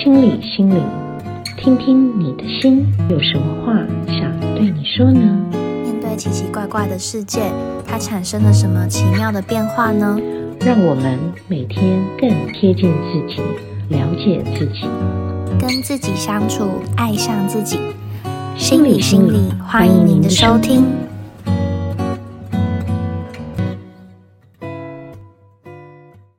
心裡，心裡，聽聽你的心有什麼話想對你說呢？面對奇奇怪怪的世界，它產生了什麼奇妙的變化呢？讓我們每天更貼近自己，了解自己，跟自己相處，愛上自己。心裡，心裡，心裡，歡迎您的收聽。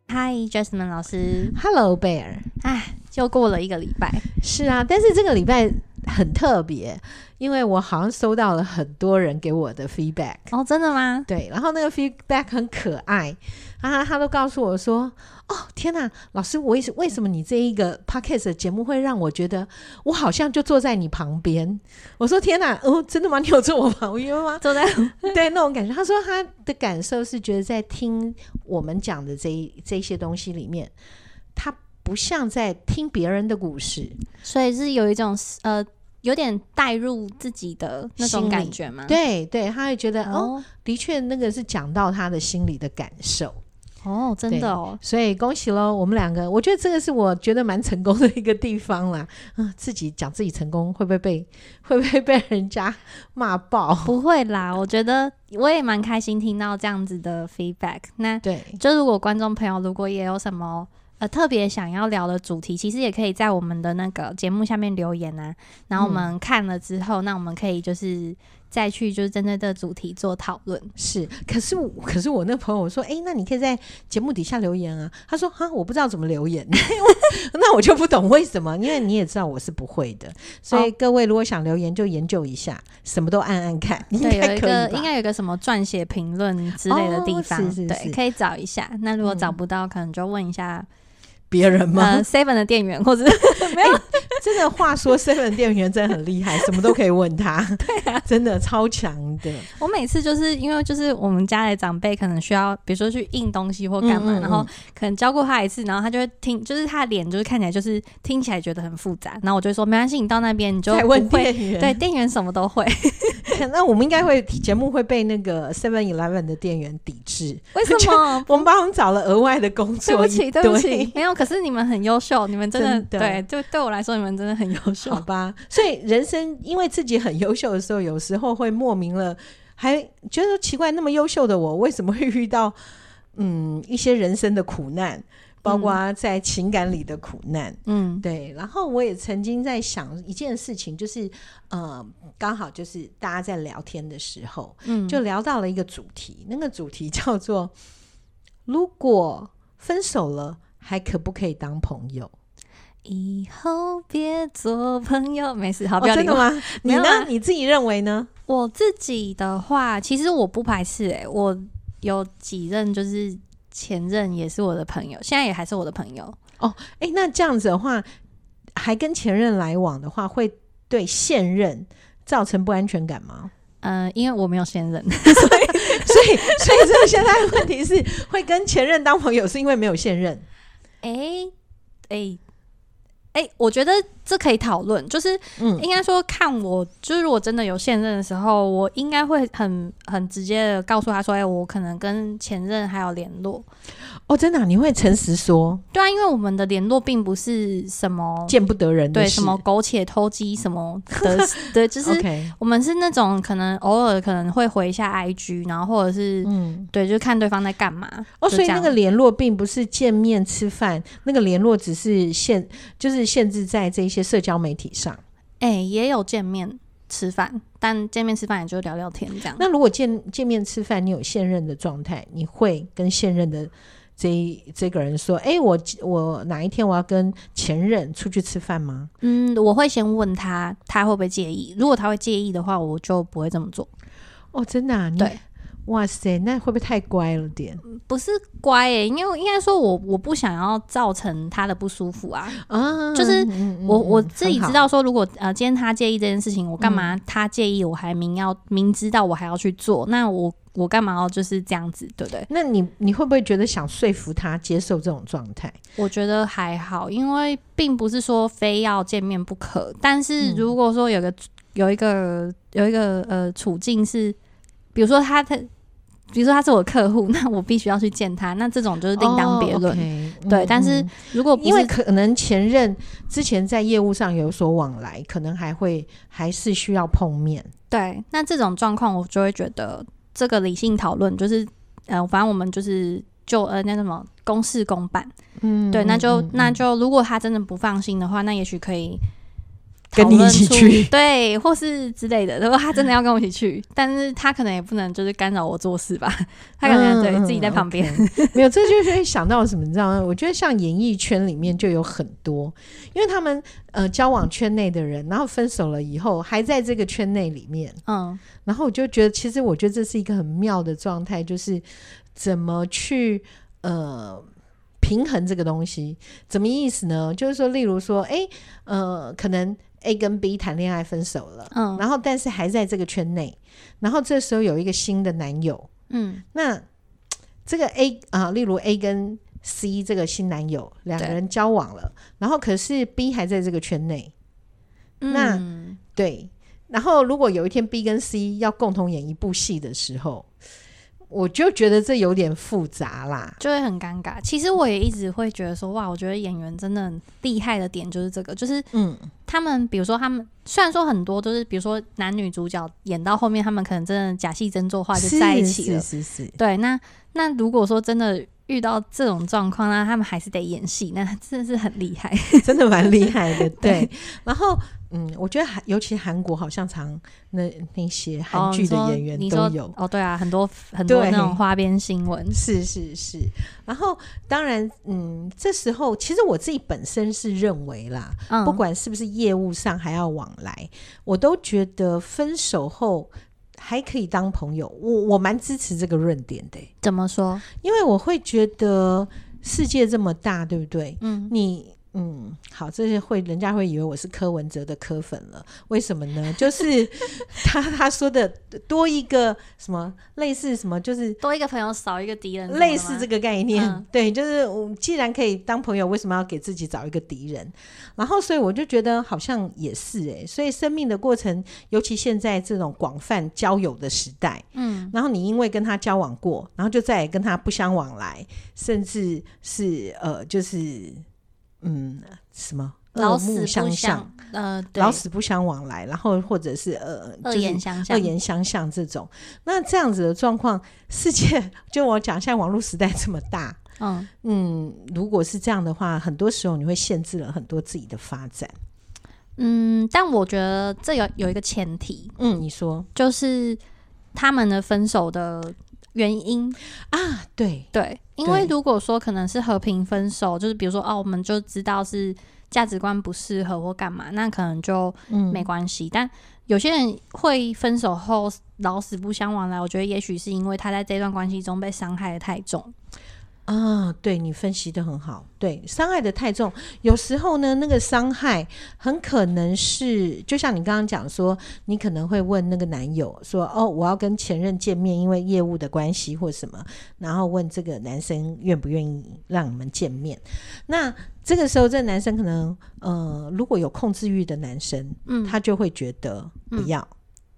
嗨，Jasmine 老師。Hello，貝爾。哎。就過了一個禮拜， 是啊，但是這個禮拜很特別，因為我好像收到了很多人給我的 feedback 哦，真的嗎？對，然後那個 feedback 很可愛啊，他都告訴我說：“哦，天哪、啊，老師，我也是，為什麼你這一個 podcast 的節目會讓我覺得我好像就坐在你旁邊？”我說：“天哪、啊，哦，真的嗎？你有坐我旁邊嗎？ 坐在對那種感覺。” 他說他的感受是覺得在聽我們講的這一這一些東西裡面，他。不像在聽別人的故事，所以是有一種呃，有點帶入自己的那種感覺嗎？對對，他會覺得哦，哦，的確那個是講到他的心裡的感受哦，真的哦。所以恭喜嘍，我們兩個，我覺得這個是我覺得蠻成功的一個地方啦。嗯、呃，自己講自己成功，會不會被會不會被人家罵爆？不會啦，我覺得我也蠻開心聽到這樣子的 feedback。那對，就如果觀眾朋友如果也有什麼。呃，特別想要聊的主題，其實也可以在我們的那個節目下面留言啊。然後我們看了之後，嗯、那我們可以就是再去就是針對這個主題做討論。是，可是可是我那朋友說，哎、欸，那你可以在節目底下留言啊。他說啊，我不知道怎麼留言、啊， 那我就不懂為什麼，因為你也知道我是不會的。所以各位如果想留言，就研究一下，什麼都按按看，你應該可以。應該有個什麼撰寫評論之類的地方，哦、是是是對，可以找一下。那如果找不到，嗯、可能就問一下。別人嗎？s e v e n 的店員，或者，沒有。 欸、 真的，話說 seven 店員真的很厲害，什麼都可以問他。 對啊，真的超強的。我每次就是因為就是我們家的長輩可能需要，比如說去印東西或幹嘛，嗯嗯嗯，然後可能教過他一次，然後他就會聽，就是他的臉就是看起來就是聽起來覺得很複雜，然後我就說沒關係，你到那邊你就不會問店員，對，店員什麼都會。 那我們應該會節目會被那個 Seven Eleven 的店員抵制，為什麼？我們幫我們找了額外的工作，對不起，對不起，沒有。可是你們很優秀，你們真的，真的對，對，對我來說，你們真的很優秀。好吧，所以人生因為自己很優秀的時候，有時候會莫名了，還覺得奇怪，那麼優秀的我為什麼會遇到嗯一些人生的苦難？包括在情感裡的苦難，嗯，對。然後我也曾經在想一件事情，就是呃，剛好就是大家在聊天的時候，嗯，就聊到了一個主題，那個主題叫做“如果分手了，還可不可以當朋友？”以後別做朋友，沒事，好，不要這個、哦、嗎？你呢？啊、你自己認為呢？我自己的話，其實我不排斥、欸，哎，我有幾任就是。前任也是我的朋友，現在也還是我的朋友哦。誒、欸，那這樣子的話，還跟前任來往的話，會對現任造成不安全感嗎？嗯、呃，因為我沒有現任，所以 所以所以這現在的問題是， 會跟前任當朋友，是因為沒有現任？誒誒、欸。欸哎、欸，我覺得這可以討論，就是，嗯，應該說看我，嗯、就是如果真的有現任的時候，我應該會很很直接的告訴他說，哎、欸，我可能跟前任還有聯絡。哦，真的，啊，你會誠實說？對啊，因為我們的聯絡並不是什麼見不得人的、就是，對，什麼苟且偷雞什麼 對，就是我們是那種可能偶爾可能會回一下 IG，然後或者是，嗯，對，就看對方在幹嘛。哦，所以那個聯絡並不是見面吃飯，那個聯絡只是現就是。限制在這些社交媒體上，誒、欸，也有見面吃飯，但見面吃飯也就聊聊天這樣。那如果見見面吃飯，你有現任的狀態，你會跟現任的這這個人說，誒、欸，我我哪一天我要跟前任出去吃飯嗎？嗯，我會先問他，他會不會介意？如果他會介意的話，我就不會這麼做。哦，真的啊？對。哇塞，那會不會太乖了點？不是乖，欸，因為應該說我，我我不想要造成他的不舒服啊。啊，就是我嗯嗯我自己知道，說如果好呃，今天他介意這件事情，我幹嘛他介意，我還明要，嗯、明知道我還要去做，那我我幹嘛要就是這樣子，對不對，對？那你你會不會覺得想說服他接受這種狀態？我覺得還好，因為並不是說非要見面不可。但是如果說有個，嗯、有一個有一個呃處境是，比如說他的。比如說他是我客戶，那我必須要去見他，那這種就是另當別論，oh, okay, 對。嗯嗯，但是如果不是，因為可能前任之前在業務上有所往來，可能還會還是需要碰面。對，那這種狀況我就會覺得這個理性討論就是，呃，反正我們就是就呃那什麼公事公辦。嗯，嗯，嗯，嗯，對，那就那就如果他真的不放心的話，那也許可以。跟你一起去，對，或是之類的。如果他真的要跟我一起去，但是他可能也不能就是干擾我做事吧。他可能對、嗯、自己在旁邊、嗯 okay，沒有。這就是會想到什麼？你知道嗎？ 我覺得像演藝圈裡面就有很多，因為他們呃交往圈內的人，然後分手了以後還在這個圈內裡面。嗯，然後我就覺得，其實我覺得這是一個很妙的狀態，就是怎麼去呃平衡這個東西？怎麼意思呢？就是說，例如說，哎、欸，呃，可能。A 跟 B 談戀愛分手了，哦、然後但是還在這個圈內，然後這時候有一個新的男友，嗯，那這個 A 啊、呃，例如 A 跟 C 這個新男友兩個人交往了，對然後可是 B 還在這個圈內，嗯、那對，然後如果有一天 B 跟 C 要共同演一部戲的時候。我就覺得這有點複雜啦，就會很尷尬。其實我也一直會覺得說，哇，我覺得演員真的很厲害的點就是這個，就是嗯，他們比如說他們雖然說很多都、就是，比如說男女主角演到後面，他們可能真的假戲真做話就在一起了，是是，是是是。對，那那如果說真的遇到這種狀況，那他們還是得演戲，那真的是很厲害， 真的蠻厲害的。 對， 然後。嗯，我覺得韓，尤其韓國，好像常那那些韓劇的演員都有哦，哦，對啊，很多很多那種花邊新聞，是是是。然後當然，嗯，這時候其實我自己本身是認為啦，嗯，不管是不是業務上還要往來，我都覺得分手後還可以當朋友。我我蠻支持這個論點的欸。怎麼說？因為我會覺得世界這麼大，對不對？嗯，你。嗯，好，這是會，人家會以為我是柯文哲的柯粉了，為什麼呢？ 就是他他說的多一個什麼類似什麼，就是多一個朋友少一個敵人，類似這個概念。對，就是既然可以當朋友，為什麼要給自己找一個敵人？然後，所以我就覺得好像也是哎、欸，所以生命的過程，尤其現在這種廣泛交友的時代，嗯，然後你因為跟他交往過，然後就再也跟他不相往來，甚至是呃，就是。嗯，什麼？惡目相向，老死不相呃，對老死不相往來。然後或者是呃，惡、就是、惡言相向。惡言相向這種。那這樣子的狀況，世界就我講，現在網絡時代這麼大，嗯嗯，如果是這樣的話，很多時候你會限制了很多自己的發展。嗯，但我覺得這有有一個前提，嗯，你說，就是他們的分手的原因啊，對對。因為如果說可能是和平分手，對就是比如說哦、啊，我們就知道是價值觀不適合或幹嘛，那可能就沒關係。嗯、但有些人會分手後老死不相往來，我覺得也許是因為他在這段關係中被傷害得太重。啊、哦，對你分析得很好。對，傷害得太重，有時候呢，那個傷害很可能是，就像你剛剛講說，你可能會問那個男友說：“哦，我要跟前任見面，因為業務的關係或什麼。”然後問這個男生願不願意讓你們見面。那這個時候，這男生可能，呃，如果有控制欲的男生，嗯，他就會覺得不要。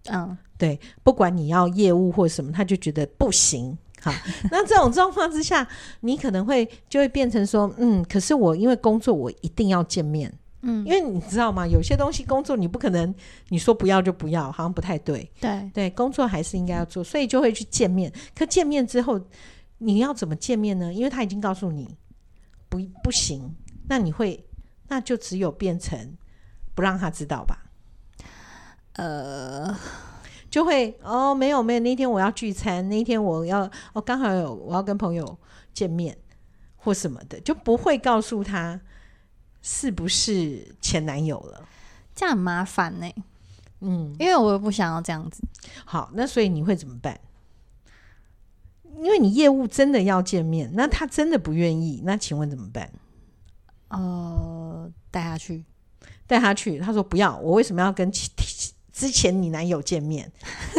嗯，嗯，哦，對，不管你要業務或什麼，他就覺得不行。好，那這種狀況之下， 你可能會就會變成說，嗯，可是我因為工作，我一定要見面，嗯，因為你知道嗎？有些東西工作你不可能，你說不要就不要，好像不太對，對對，工作還是應該要做，所以就會去見面。可見面之後，你要怎麼見面呢？因為他已經告訴你，不，不行，那你會，那就只有變成不讓他知道吧，呃。就會哦，沒有沒有，那天我要聚餐，那天我要哦，剛好有我要跟朋友見面或什麼的，就不會告訴他是不是前男友了，這樣很麻煩呢。嗯，因為我又不想要這樣子。好，那所以你會怎麼辦？因為你業務真的要見面，那他真的不願意，那請問怎麼辦？哦、呃，帶他去，帶他去。他說不要，我為什麼要跟？之前你男友見面，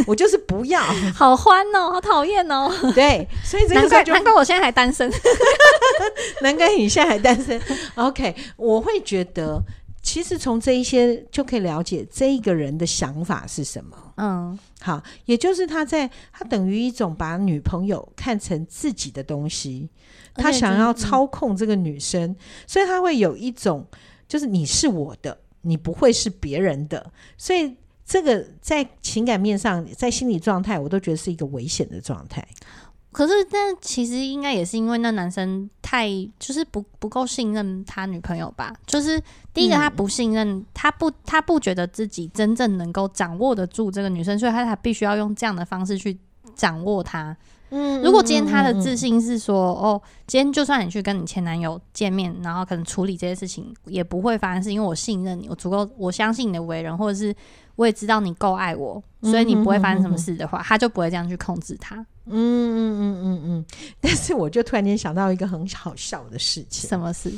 我就是不要， 好歡哦、喔，好討厭哦，對，所以這個難怪，難怪我現在還單身， 難怪你現在還單身。OK，我會覺得，其實從這一些就可以了解這一個人的想法是什麼。嗯，好，也就是他在他等於一種把女朋友看成自己的東西，他想要操控這個女生，嗯、所以他會有一種就是你是我的，你不會是別人的，所以。這個在情感面上，在心理狀態，我都覺得是一個危險的狀態。可是，但其實應該也是因為那男生太就是不不夠信任他女朋友吧？就是第一個，他不信任，嗯、他不他不覺得自己真正能夠掌握得住這個女生，所以他才必須要用這樣的方式去。掌握他，嗯，如果今天他的自信是說，嗯嗯嗯嗯哦，今天就算你去跟你前男友見面，然後可能處理這些事情也不會發生，因為我信任你，我足夠，我相信你的為人，或者是我也知道你夠愛我，所以你不會發生什麼事的話，嗯嗯嗯嗯嗯他就不會這樣去控制他。嗯嗯嗯嗯嗯。但是我就突然間想到一個很好笑的事情，什麼事？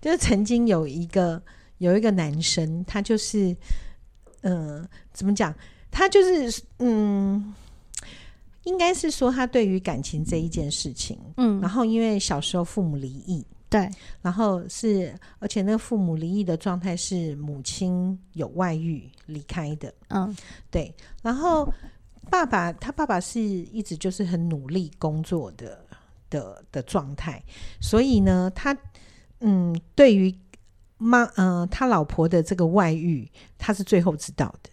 就是曾經有一個有一個男生，他就是，嗯、呃，怎麼講？他就是，嗯。應該是說，他對於感情這一件事情，嗯，然後因為小時候父母離異，對，然後是，而且那個父母離異的狀態是母親有外遇離開的，嗯、哦，對，然後爸爸，他爸爸是一直就是很努力工作的的的狀態，所以呢，他嗯，對於媽，呃，他老婆的這個外遇，他是最後知道的，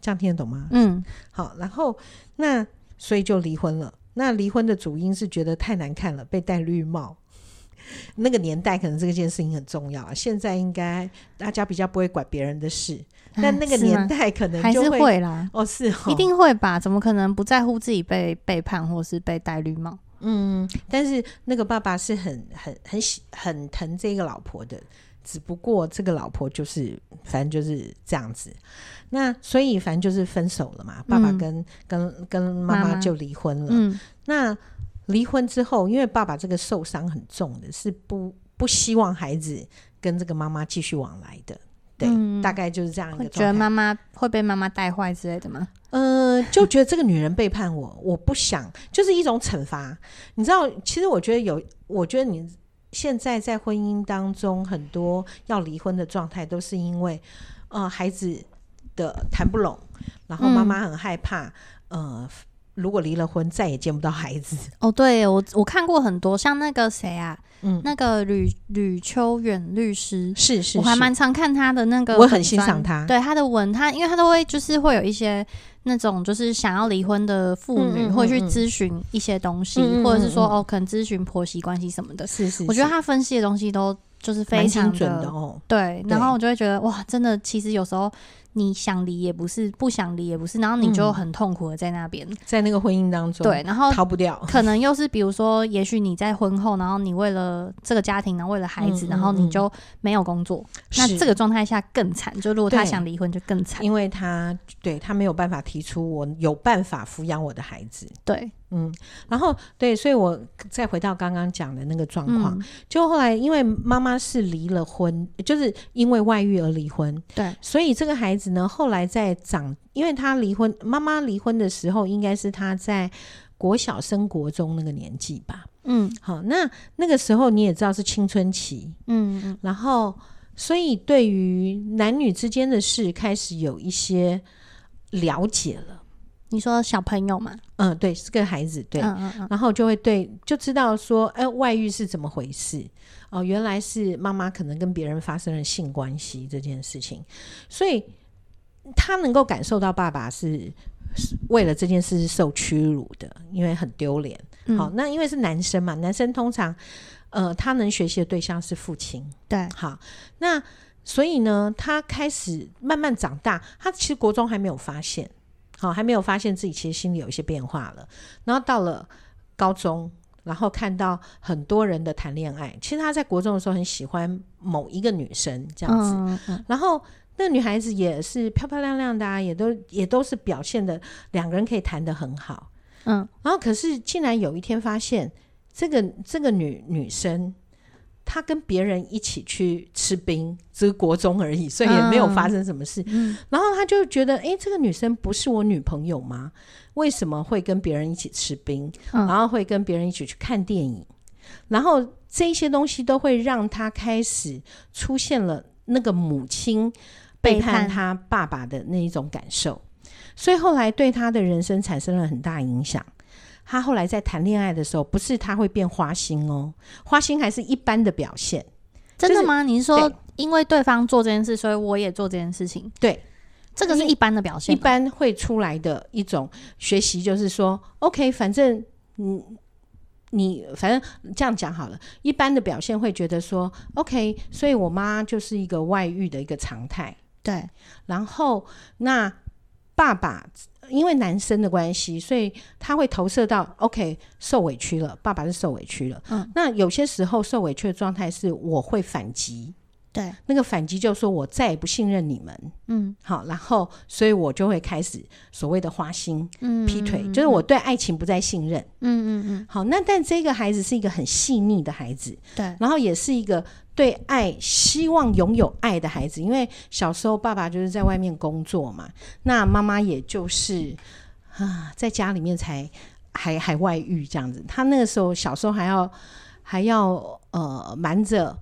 這樣聽得懂嗎？嗯，好，然後那。所以就離婚了。那離婚的主因是覺得太難看了，被戴綠帽。那個年代可能這件事情很重要啊。現在應該大家比較不會管別人的事，但那個年代可能就會，嗯，是還是會啦。哦，是，一定會吧？怎麼可能不在乎自己被背叛或是被戴綠帽？嗯，但是那個爸爸是很、很、很喜、很疼這個老婆的。只不過這個老婆就是，反正就是這樣子。那所以反正就是分手了嘛。嗯、爸爸跟跟跟媽媽就離婚了。媽媽嗯、那離婚之後，因為爸爸這個受傷很重的，是不不希望孩子跟這個媽媽繼續往來的。對，嗯、大概就是這樣一個狀態。覺得媽媽會被媽媽帶壞之類的嗎？嗯、呃，就覺得這個女人背叛我， 我不想，就是一種懲罰。你知道，其實我覺得有，我覺得你。現在在婚姻當中，很多要離婚的狀態都是因為，呃，孩子的談不攏，然後媽媽很害怕，嗯、呃，如果離了婚，再也見不到孩子。哦，對，我我看過很多，像那個誰啊，嗯，那個呂呂秋遠律師，是，是是，我還蠻常看他的那個，我很欣賞他，對他的文他，他因為他都會就是會有一些。那種就是想要離婚的婦女，會去諮詢一些東西，嗯嗯嗯嗯，或者是說哦，可能諮詢婆媳關係什麼的。是是，是，我覺得他分析的東西都。就是非常的，準的。哦、對，然後我就會覺得哇，真的，其實有時候你想離也不是，不想離也不是，然後你就很痛苦的在那邊，嗯，在那個婚姻當中，對，然後逃不掉。可能又是比如說，也許你在婚後，然後你為了這個家庭，然後為了孩子，嗯嗯嗯、然後你就沒有工作，是那這個狀態下更慘。就如果他想離婚，就更慘，因為他對他沒有辦法提出，我有辦法撫養我的孩子，對。嗯，然後對，所以我再回到剛剛講的那個狀況，嗯、就後來因為媽媽是離了婚，就是因為外遇而離婚，對，所以這個孩子呢，後來在長，因為他離婚，媽媽離婚的時候，應該是他在國小升國中那個年紀吧？嗯，好，那那個時候你也知道是青春期，嗯嗯，然後所以對於男女之間的事開始有一些了解了。你說小朋友嘛？嗯，對，是個孩子，對，嗯嗯嗯，然後就會對，就知道說，哎、呃，外遇是怎麼回事？哦、呃，原來是媽媽可能跟別人發生了性關係這件事情，所以他能夠感受到爸爸是為了這件事受屈辱的，因為很丟臉。嗯、好，那因為是男生嘛，男生通常，呃，他能學習的對象是父親，對，好，那所以呢，他開始慢慢長大，他其實國中還沒有發現。哦，還沒有發現自己其實心裡有一些變化了。然後到了高中，然後看到很多人的談戀愛。其實他在國中的時候很喜歡某一個女生這樣子，然後那個女孩子也是漂漂亮亮的啊，也都也都是表現得兩個人可以談得很好。嗯，然後可是竟然有一天發現這個這個女女生。他跟別人一起去吃冰，只是國中而已，所以也沒有發生什麼事。嗯嗯、然後他就覺得，哎、欸，這個女生不是我女朋友嗎？為什麼會跟別人一起吃冰，然後會跟別人一起去看電影？嗯、然後這些東西都會讓他開始出現了那個母親背叛他爸爸的那一種感受，所以後來對他的人生產生了很大影響。他後來在談戀愛的時候，不是他會變花心哦、喔，花心還是一般的表現，就是，真的嗎？你是說對因為對方做這件事，所以我也做這件事情？對，這個是一般的表現，一般會出來的一種學習，就是說，OK，反正，嗯，你反正這樣講好了，一般的表現會覺得說，OK，所以我媽就是一個外遇的一個常態，對，然後那爸爸，因為男生的關係，所以他會投射到 OK，受委屈了，爸爸是受委屈了。嗯，那有些時候受委屈的狀態是我會反擊。對，那個反擊就是說我再也不信任你們。嗯，好，然後所以我就會開始所謂的花心、嗯，劈腿，就是我對愛情不再信任。嗯嗯嗯，好，那但這個孩子是一個很細膩的孩子，對，然後也是一個對愛、希望擁有愛的孩子，因為小時候爸爸就是在外面工作嘛，那媽媽也就是啊，在家裡面才還還外遇這樣子，他那個時候小時候還要還要呃瞞着。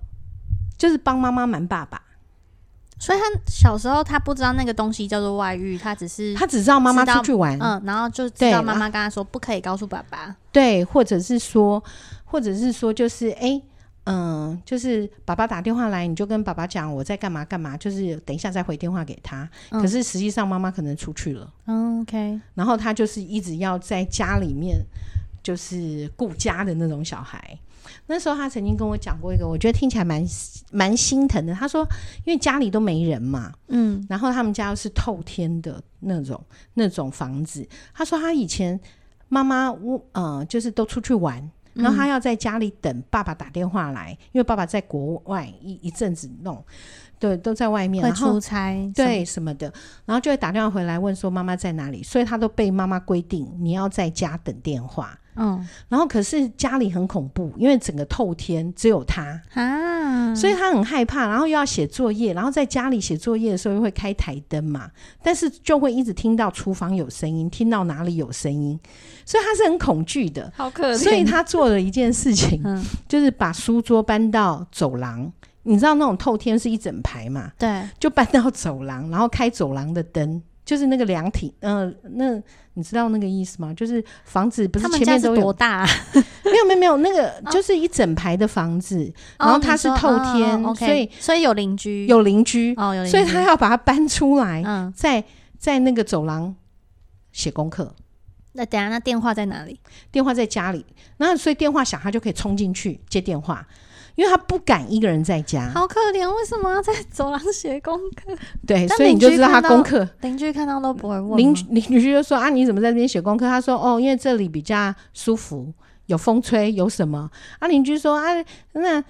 就是幫媽媽瞞爸爸，所以他小時候他不知道那個東西叫做外遇，他只是他只知道媽媽出去玩，嗯，然後就知道媽媽跟他說不可以告訴爸爸。對，啊，對，或者是說，或者是說就是哎，欸，嗯，就是爸爸打電話來，你就跟爸爸講我在幹嘛幹嘛，就是等一下再回電話給他。嗯，可是實際上媽媽可能出去了，嗯，OK，然後他就是一直要在家裡面就是顧家的那種小孩。那時候他曾經跟我講過一個，我覺得聽起來蠻蠻心疼的。他說，因為家裡都沒人嘛，嗯，然後他們家又是透天的那種那種房子。他說他以前媽媽屋、呃就是都出去玩，然後他要在家裡等爸爸打電話來，嗯，因為爸爸在國外一一陣子弄，對，都在外面，會出差，對，什麼什麼的，然後就會打電話回來問說媽媽在哪裡，所以他都被媽媽規定你要在家等電話。嗯，然後可是家裡很恐怖，因為整個透天只有他啊，所以他很害怕。然後又要寫作業，然後在家裡寫作業的時候又會開台燈嘛，但是就會一直聽到廚房有聲音，聽到哪裡有聲音，所以他是很恐懼的，好可憐。所以他做了一件事情， 嗯、就是把書桌搬到走廊。你知道那種透天是一整排嘛？對，就搬到走廊，然後開走廊的燈。就是那個涼亭，嗯、呃，那你知道那個意思嗎？就是房子不是前面都有，他們家是多大，啊？沒有 沒有沒有，那個就是一整排的房子，哦、然後它是透天，所以、哦、所以有鄰居，有鄰居、哦、有鄰居，所以他要把它搬出來，在在那個走廊寫功課、嗯。那等下那電話在哪裡？電話在家裡，那所以電話響，他就可以衝進去接電話。因為他不敢一個人在家，好可憐！為什麼要在走廊寫功課？對，所以你就知道他功課。鄰居看到都不會問。鄰居鄰居就說：“啊，你怎麼在這邊寫功課？”他說：“哦，因為這裡比較舒服，有風吹，有什麼？”啊，鄰居說：“啊，那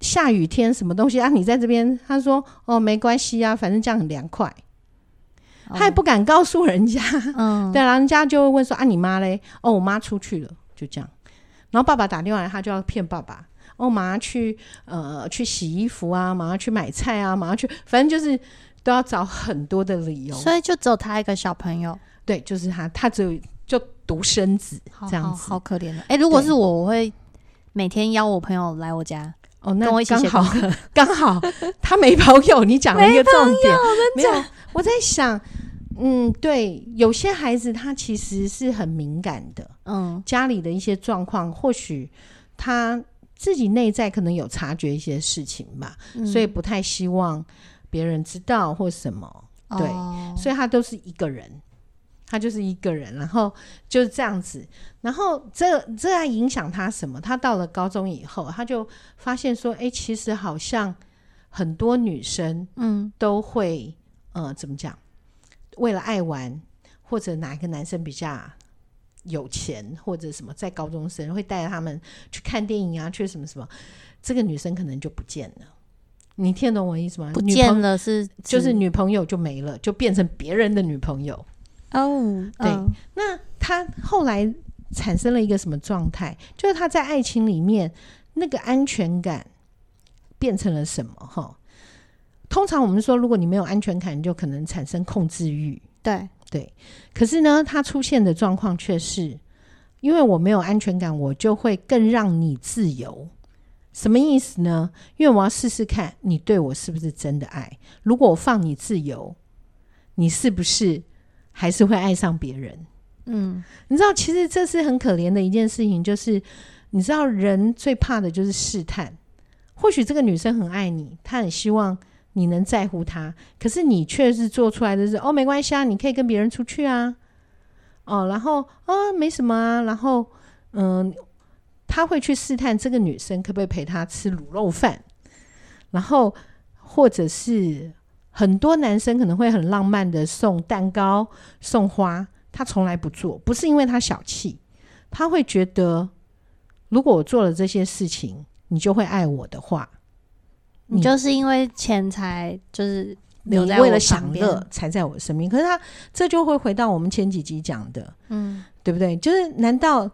下雨天什麼東西啊？你在這邊？”他說：“哦，沒關係啊，反正這樣很涼快。哦”他也不敢告訴人家。嗯， 對啦，然後人家就會問說：“啊，你媽嘞？”哦，我媽出去了，就這樣。然後爸爸打電話來，他就要騙爸爸。我、哦、馬上去呃去洗衣服啊，馬上去買菜啊，馬上去，反正就是都要找很多的理由。所以就只有他一個小朋友，對，就是他，他只有就獨生子這樣子，好，好，好可憐的。哎、欸，如果是我，我會對每天邀我朋友來我家哦，那剛好，跟我一起剛好剛好 他沒朋友，你講了一個重點，沒，沒有。我在想，嗯，對，有些孩子他其實是很敏感的，嗯，家裡的一些狀況或許他。自己內在可能有察覺一些事情吧，嗯、所以不太希望別人知道或什麼。哦、對，所以他都是一個人，他就是一個人，然後就是這樣子。然後這這樣影響他什麼？他到了高中以後，他就發現說，誒、欸，其實好像很多女生，嗯，都會呃，怎麼講？為了愛玩，或者哪一個男生比較？有錢或者什麼，在高中生會帶着他們去看電影啊，去什麼什麼，這個女生可能就不見了。你聽懂我意思嗎？不見了是就是女朋友就沒了，就變成別人的女朋友。哦，對，哦，那她後來產生了一個什麼狀態？就是她在愛情裡面那個安全感變成了什麼？哈，通常我們說，如果你沒有安全感，你就可能產生控制慾。對。對，可是呢，他出現的狀況卻是，因為我沒有安全感，我就會更讓你自由。什麼意思呢？因為我要試試看你對我是不是真的愛。如果我放你自由，你是不是還是會愛上別人？嗯，你知道，其實這是很可憐的一件事情，就是你知道，人最怕的就是試探。或許這個女生很愛你，她很希望。你能在乎他，可是你卻是做出來的是哦，沒關係啊，你可以跟別人出去啊，哦，然後啊，哦，沒什麼啊，然後嗯，他會去試探這個女生可不可以陪他吃滷肉飯，然後或者是很多男生可能會很浪漫的送蛋糕、送花，他從來不做，不是因為他小氣，他會覺得如果我做了這些事情，你就會愛我的話，你,你就是因為錢財就是你為了享樂才在我身邊，可是他這就會回到我們前幾集講的，嗯，對不對？就是難道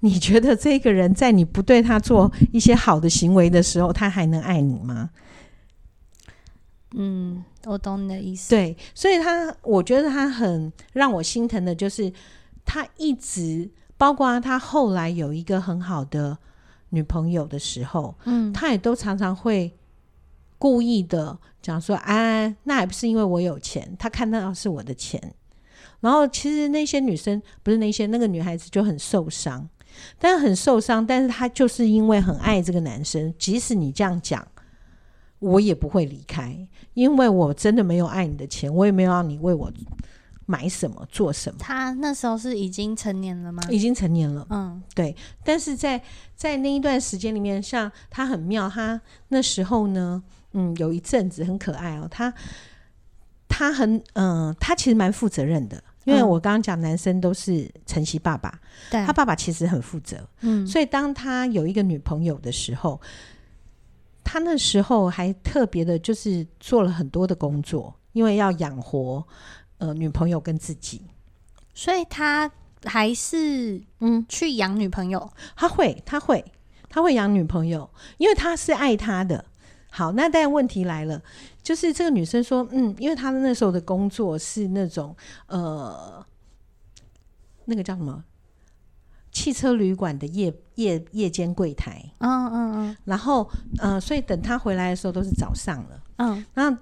你覺得這個人在你不對他做一些好的行為的時候，他還能愛你嗎？嗯，我懂你的意思。對，所以他我覺得他很讓我心疼的，就是他一直，包括他後來有一個很好的女朋友的時候，嗯，他也都常常會。故意的講說啊，那還不是因為我有錢？他看到的是我的錢，然後其實那些女生不是那些，那個女孩子就很受傷，但很受傷，但是她就是因為很愛這個男生，即使你這樣講，我也不會離開，因為我真的沒有愛你的錢，我也沒有讓你為我買什麼、做什麼。她那時候是已經成年了嗎？已經成年了，嗯，對。但是在在那一段時間裡面，像她很妙，他那時候呢。嗯，有一陣子很可愛哦，喔，他他很嗯、呃，他其實蠻負責任的，嗯，因為我剛剛講男生都是晨曦爸爸，對他爸爸其實很負責，嗯，所以當他有一個女朋友的時候，他那時候還特別的就是做了很多的工作，因為要養活呃女朋友跟自己，所以他還是嗯去養女朋友，他會，他會，他會養女朋友，因為他是愛他的。好，那但問題來了，就是這個女生說，嗯，因為她的那時候的工作是那種，呃，那個叫什麼？汽車旅館的夜夜夜間櫃檯，嗯嗯嗯，然後，呃，所以等他回來的時候都是早上了，嗯、oh，那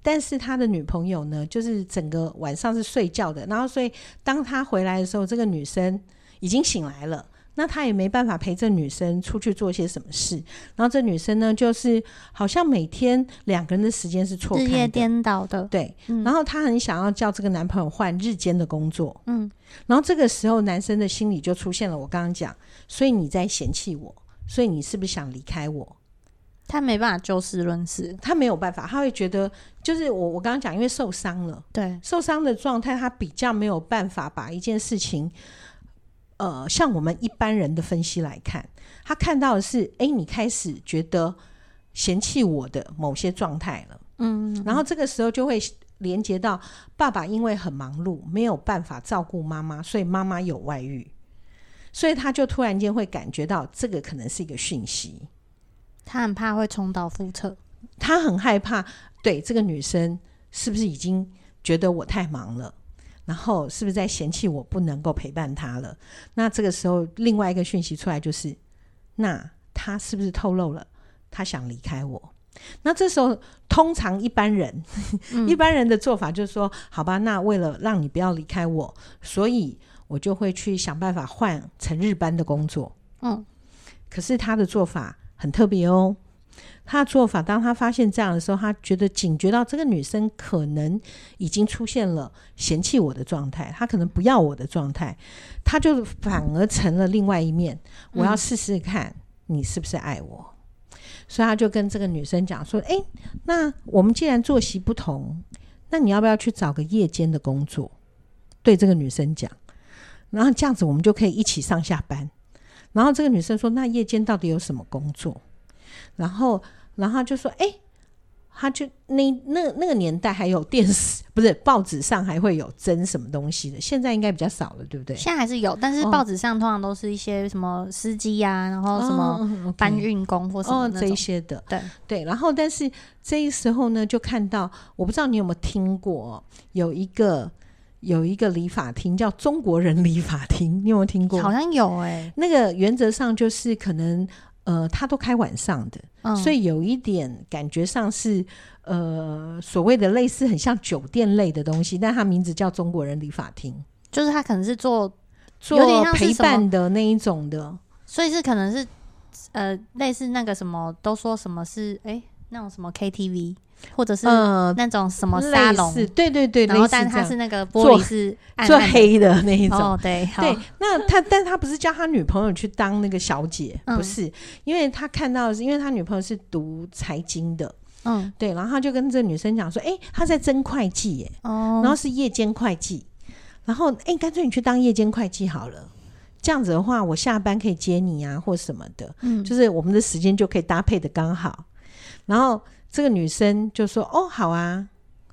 但是他的女朋友呢，就是整個晚上是睡覺的，然後，所以當他回來的時候，這個女生已經醒來了。那他也沒辦法陪這女生出去做些什麼事，然後這女生呢，就是好像每天兩個人的時間是錯開的，日夜顛倒的，對。嗯。然後她很想要叫這個男朋友換日間的工作，嗯。然後這個時候，男生的心裡就出現了我剛剛講，所以你在嫌棄我，所以你是不是想離開我？他沒辦法就事論事，他沒有辦法，他會覺得就是我，我剛剛講，因為受傷了，對，受傷的狀態，他比較沒有辦法把一件事情。呃，像我們一般人的分析來看，他看到的是，哎，你開始覺得嫌棄我的某些狀態了，嗯，嗯，嗯，然後這個時候就會連接到爸爸因為很忙碌沒有辦法照顧媽媽，所以媽媽有外遇，所以他就突然間會感覺到這個可能是一個訊息，他很怕會重蹈覆轍，他很害怕，對，這個女生是不是已經覺得我太忙了？然後是不是在嫌棄我不能夠陪伴他了？那這個時候另外一個訊息出來就是，那他是不是透露了他想離開我？那這時候通常一般人、嗯、 一般人的做法就是說，好吧，那為了讓你不要離開我，所以我就會去想辦法換成日班的工作。嗯，可是他的做法很特別哦。他的做法，當他發現這樣的時候，他覺得警覺到這個女生可能已經出現了嫌棄我的狀態，她可能不要我的狀態，他就反而成了另外一面。我要試試看你是不是愛我，嗯。所以他就跟這個女生講說：“哎、欸，那我們既然作息不同，那你要不要去找個夜間的工作？”對這個女生講，然後這樣子我們就可以一起上下班。然後這個女生說：“那夜間到底有什麼工作？”然後，然後就說，哎、欸，他就那那那個年代還有電視，不是報紙上還會有徵什麼東西的，現在應該比較少了，對不對？現在還是有，但是報紙上通常都是一些什麼司機啊，哦、然後什麼搬運工或什麼、哦 okay 哦、這一些的，對對。然後，但是這一時候呢，就看到，我不知道你有沒有聽過，有一個有一個理髮廳叫中國人理髮廳，你有沒有聽過？好像有哎、欸，那個原則上就是可能。呃，他都開晚上的，嗯，所以有一點感覺上是呃，所謂的類似很像酒店類的東西，但他名字叫中國人理髮廳，就是他可能是做是做陪伴的那一種的，所以是可能是呃，類似那個什麼，都說什麼是誒。欸那種什麼 KTV，或者是那種什麼沙龍、呃，對對對。然後，但他是那個玻璃最做黑的那一種。對、哦、對。對哦、那他，但他不是叫他女朋友去當那個小姐，嗯、不是？因為他看到的是，是因為他女朋友是讀財經的。嗯，對。然後他就跟這女生講說：“哎、欸，他在徵會計、欸，哦，然後是夜間會計。然後，哎、欸，乾脆你去當夜間會計好了。這樣子的話，我下班可以接你啊，或什麼的。嗯，就是我們的時間就可以搭配的剛好。”然後這個女生就說：“哦，好啊，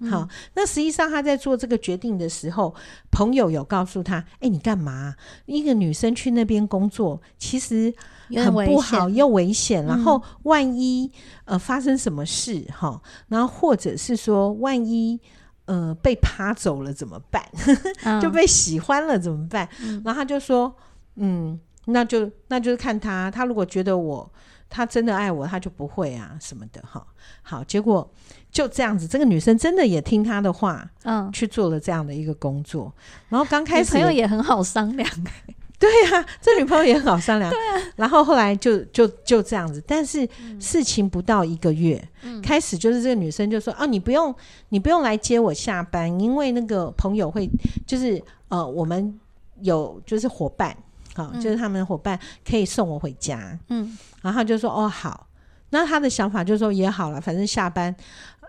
好。”那實際上她在做這個決定的時候，嗯、朋友有告訴她：‘哎，你干嘛？一個女生去那邊工作，其實很不好，又危險。因為危險。然後萬一呃發生什麼事哈，然後或者是說萬一呃被扒走了怎麼辦？ 就被喜歡了怎麼辦？’嗯、然後他就說：‘嗯，那就那就是看他，他如果覺得我……’”他真的愛我，他就不會啊，什麼的哈、哦。好，結果就這樣子，這個女生真的也聽他的話，嗯，去做了這樣的一個工作。然後剛開始女朋友也很好商量，嗯、對呀、啊，這女朋友也很好商量。 對、啊。然後後來就就就這樣子，但是事情不到一個月，嗯、開始就是這個女生就說：“哦、嗯啊，你不用，你不用來接我下班，因為那個朋友會，就是呃，我們有就是夥伴，好、哦，嗯、就是他們的夥伴可以送我回家。”嗯。然後就說哦好，那他的想法就是說也好了，反正下班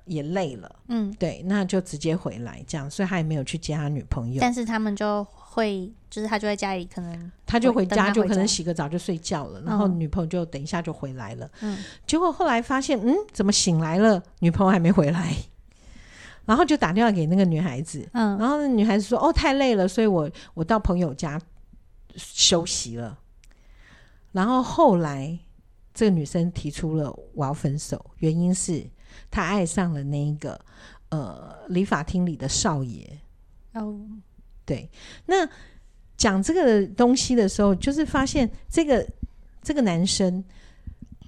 也累了，嗯，對，那就直接回來這樣，所以他也沒有去接他女朋友。但是他們就會，就是他就在家裡，可能他就回家，回家就可能洗個澡就睡覺了，嗯，然後女朋友就等一下就回來了。嗯，結果後來發現，嗯，怎麼醒來了，女朋友還沒回來，然後就打電話給那個女孩子，嗯，然後女孩子說哦太累了，所以我我到朋友家休息了，然後後來。這個女生提出了我要分手，原因是她愛上了那個呃理髮廳裡的少爺。哦，oh. 對。那講這個東西的時候，就是發現這個這個男生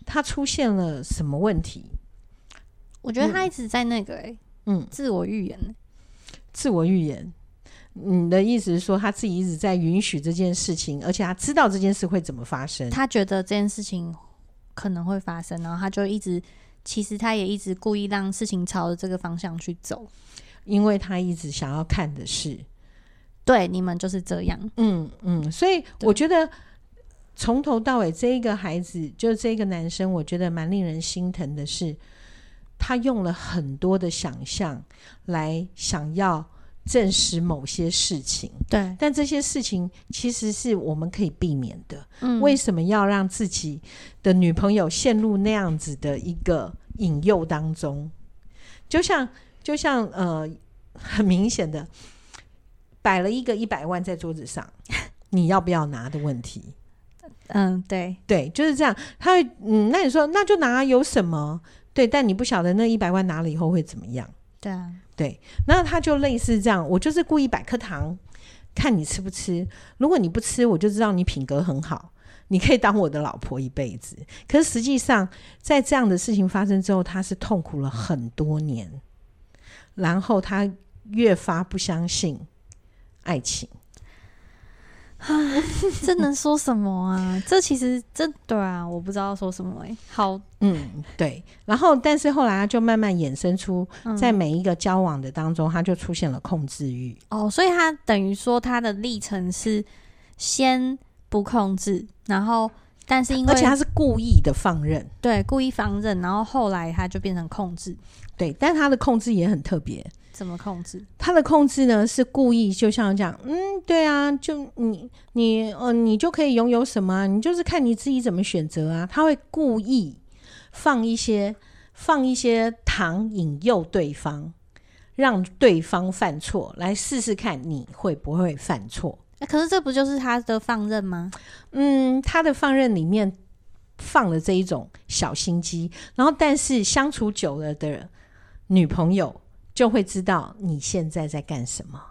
他出現了什麼問題？我覺得他一直在那個哎、欸，嗯,嗯，自我預言。自我預言？你的意思是說他自己一直在允許這件事情，而且他知道這件事會怎麼發生？他覺得這件事情。可能會發生，然後他就一直，其實他也一直故意讓事情朝着這個方向去走，因為他一直想要看的是，對，你們就是這樣，嗯嗯，所以我覺得從頭到尾對這一個孩子，就這個男生，我覺得蠻令人心疼的是，他用了很多的想象來想要。證實某些事情，對，但這些事情其實是我們可以避免的。嗯，為什麼要讓自己的女朋友陷入那樣子的一個引誘當中？就像就像呃，很明顯的擺了一個一百萬在桌子上，你要不要拿的問題？嗯，對對，就是這樣。他會嗯，那你說那就拿，有什麼？對，但你不曉得那一百萬拿了以後會怎麼樣？對啊。對，那他就類似這樣，我就是故意擺顆糖，看你吃不吃。如果你不吃，我就知道你品格很好，你可以當我的老婆一輩子。可是實際上，在這樣的事情發生之後，他是痛苦了很多年，然後他越發不相信愛情。 這能說什麼啊？這其實這對啊，我不知道說什麼、欸、好，嗯，對。然後，但是後來他就慢慢衍生出，嗯、在每一個交往的當中，他就出現了控制慾。哦，所以他等於說他的歷程是先不控制，然後但是因為而且他是故意的放任，對，故意放任，然後後來他就變成控制，對，但他的控制也很特別。怎麼控制他的控制呢？是故意，就像這樣，嗯，對啊，就你你呃，你就可以擁有什麼啊？你就是看你自己怎麼選擇啊。他會故意放一些放一些糖，引誘對方，讓對方犯錯，來試試看你會不會犯錯。可是這不就是他的放任嗎？嗯，他的放任裡面放了這一種小心機，然後但是相處久了的女朋友。就會知道你現在在幹什麼。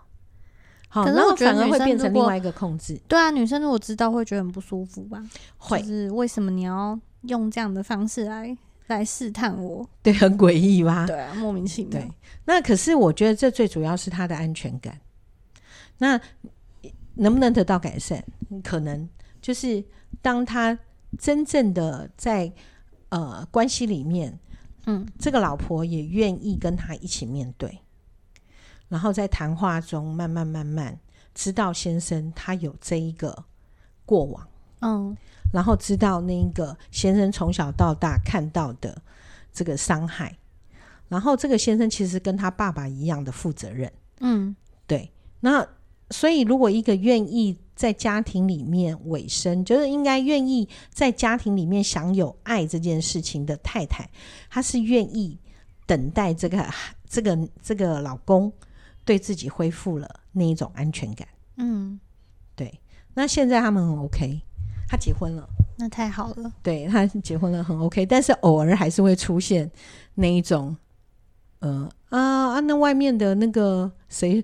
好、哦，然後反而會變成另外一個控制。對啊，女生如果知道會覺得很不舒服吧？會是為什麼你要用這樣的方式來來試探我？對，很詭異吧？對啊，莫名其妙。對，那可是我覺得這最主要是他的安全感。那能不能得到改善？可能就是當他真正的在呃關係裡面。嗯，這個老婆也願意跟他一起面對，然後在談話中慢慢慢慢知道先生他有這一個過往，嗯，然後知道那個先生從小到大看到的這個傷害，然後這個先生其實跟他爸爸一樣的負責任，嗯，對，那所以如果一個願意。在家庭裡面委身，就是應該願意在家庭裡面享有愛這件事情的太太，她是願意等待這個這個這個老公對自己恢復了那一種安全感。嗯，對。那現在他們很 OK，他結婚了，那太好了。對他結婚了很 OK，但是偶爾還是會出現那一種，呃啊啊，那外面的那個誰。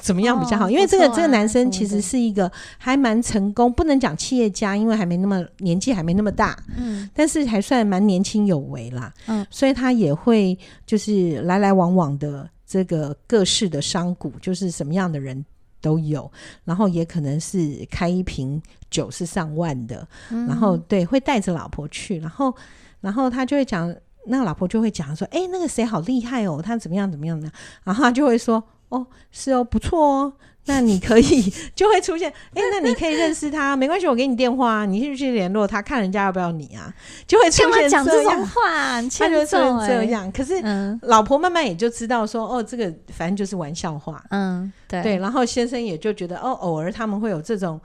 怎麼樣比較好？因為這個這個男生其實是一個還蠻成功，不能講企業家，因為還沒那麼年紀還沒那麼大。嗯，但是還算蠻年輕有為啦。嗯，所以他也會就是來來往往的這個各式的商賈，就是什麼樣的人都有。然後也可能是開一瓶酒是上萬的，然後對，會帶着老婆去，然後然後他就會講，那老婆就會講說：“欸，那個誰好厲害哦、喔，他怎麼樣怎麼樣怎麼樣。”然後他就會說。哦，是哦，不錯哦。那你可以 就會出現，哎、欸，那你可以認識他，沒關係，我給你電話，你去去聯絡他，看人家要不要你啊。就會出現這樣，這話啊欸、他覺得這樣。可是老婆慢慢也就知道說，嗯、哦，這個反正就是玩笑話。嗯，對，對。然後先生也就覺得，哦，偶爾他們會有這種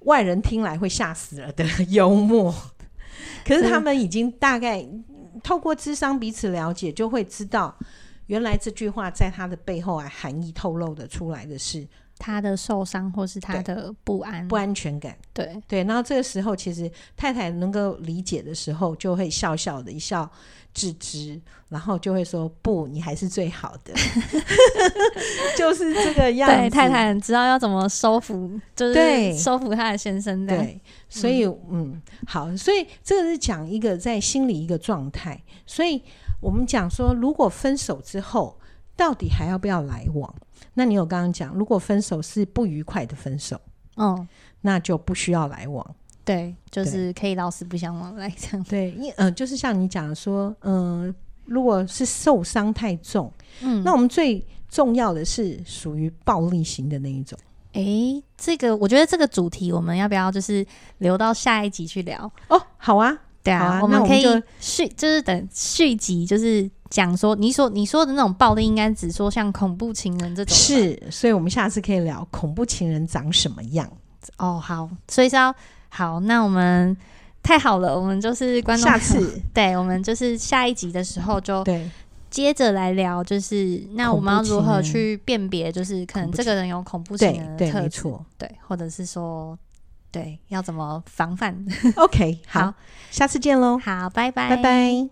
外人聽來會嚇死了的幽默，可是他們已經大概透過諮商彼此了解，就會知道。原來這句話在他的背後啊，含義透露的出來的是。他的受傷，或是他的不安、不安全感，對對。然後這個時候，其實太太能夠理解的時候，就會笑笑的一笑置之，然後就會說：“不，你還是最好的。” 就是這個樣子。對，太太知道要怎麼收服，就是收服他的先生的。對，所以，嗯，好，所以這個是講一個在心理一個狀態。所以我們講說，如果分手之後，到底還要不要來往？那你有剛剛講，如果分手是不愉快的分手，嗯、哦，那就不需要來往。對，就是可以老死不相往來這樣。對，因呃，就是像你講的說，嗯、呃，如果是受傷太重，嗯，那我們最重要的是屬於暴力型的那一種。誒、欸，這個我覺得這個主題我們要不要就是留到下一集去聊？哦，好啊，對啊，啊我們可以續，就是等續集就是。講說，你說你說的那種暴力，應該只說像恐怖情人這種。是，所以我們下次可以聊恐怖情人長什麼樣。哦，好，所以是要好，那我們太好了，我們就是觀眾。下次，對，我們就是下一集的時候就對接着來聊，就是對那我們要如何去辨別，就是可能這個人有恐怖情人的特質對，對，對，或者是說對要怎麼防範。 OK，好，好下次見嘍。好，拜拜，拜拜。